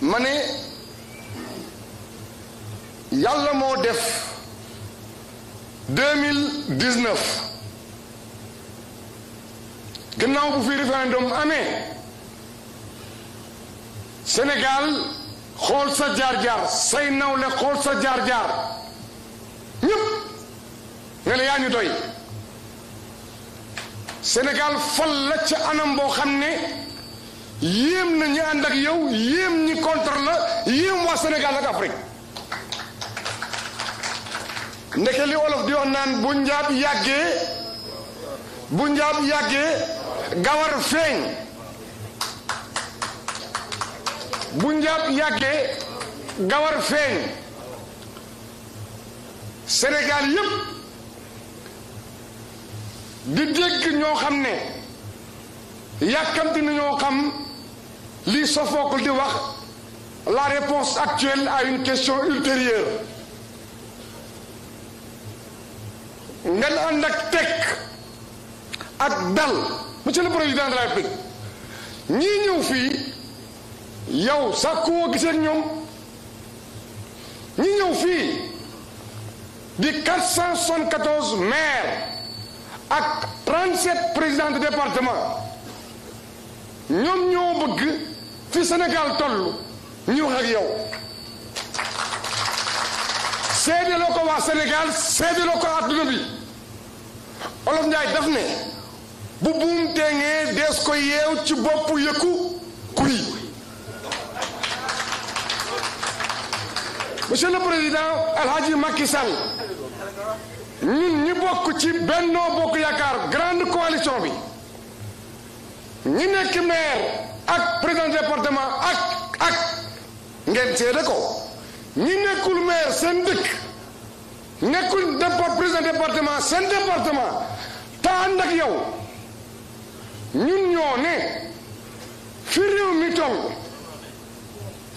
ma ne yàlla moo def 2019 gannaaw bu fi référendum amee senegal xool sa jaar-jaar say nawle xool sa jaar-jaar ñëpp nga yaa ñu doy Sénégal fal la ca anam boo xam ne yéem na ñu ànd ak yow yéem ñi contre la yéem waa Sénégal ak Afrique ndeke li olof di wax naan bu njaab yàggee bu njaab yàggee gawar feeñ bu njaab yàggee gawar feeñ Sénégal yépp di dégg ñoo xam ne yàkkamti na ñoo xam lii Sophocle di wax la réponse actuelle à une question ultérieure ngeen ànd ak dal monsieur le président de la République ñii ñëw fii yow sàkkuwoo gisee ak ñoom ñi ñëw fii di 474 maires ak 37 présidents de département ñoom ñoo bëgg fi Sénégal toll ñu wax ak yow seedaloo ko waa Sénégal seedaloo ko adduna bi olof Njaay daf ne bu buum teengee dees ko yeew ci bopp yëkku kuy monsieur le président Alhaji Macky ñun ñi bokk ci Benno Bokk Yaakaar grande coalition bi ñi nekk maire ak président département ak ak ngeen seede ko ñi nekkul maire seen dëkk nekkul départ président département seen département te ànd ak yow ñun ñoo ne fi réew mi toll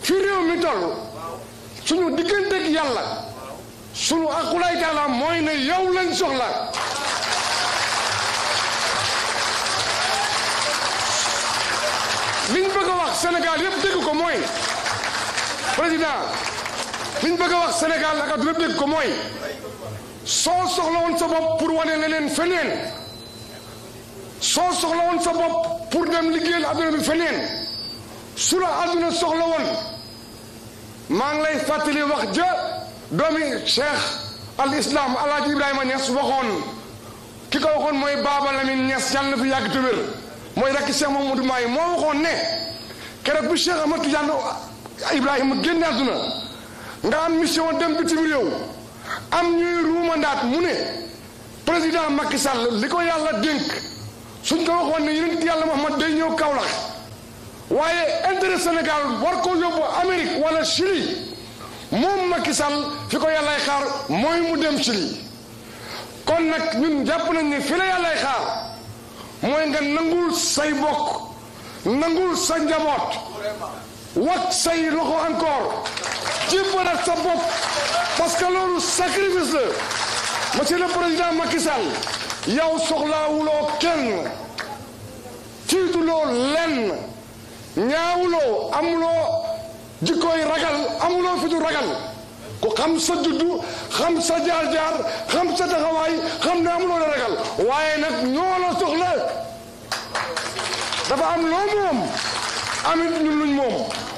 fi réew mi toll suñu digganteeg yàlla suñu akulaay taala mooy ne yow lañ soxla Sénégal yëpp ko mooy président liñ bëgg a wax Sénégal ko mooy soo soxla woon sa bopp pour wane leneen feneen soo soxla woon sa bopp pour bi feneen su la àdduna maa ngi lay fàttali wax ja doomi cheikh al islam alaaji Ibrahima Niass waxoon ki ko waxoon mooy Baaba Lamine Niass yàlla na fi yàgg te wér mooy rakki cheikh Mamadou Maay moo waxoon ne keroog bu Cheikh Ahmad Tidiane Ibrahima génn àdduna nga am mission dem bitim réew am ñuy ruumandaat mu ne président makki sàll li ko yàlla dénk suñ ko waxoon ne yonent yàlla Muhammad day ñëw Kaolack waaye intérêt Sénégal war ko yóbbu Amérique wala Chili moom Macky sàll fi ko yàllay xaar mooy mu dem Chili kon nag ñun jàpp nañ ne fi la yàllay xaar mooy nga nangul say bokk nangul sa njaboot wat say loxo encore jébbalat sa bopp parce que loolu sacrifice la monsieur le président Macky Sall yow soxlaawuloo kenn tiituloo lenn ñaawuloo amuloo jikkooy ragal amuloo fitu ragal ku xam sa juddu xam sa jaar-jaar xam sa taxawaay xam ne amuloo la ragal waaye nag ñoo dafa am loo moom amit ñun luñ moom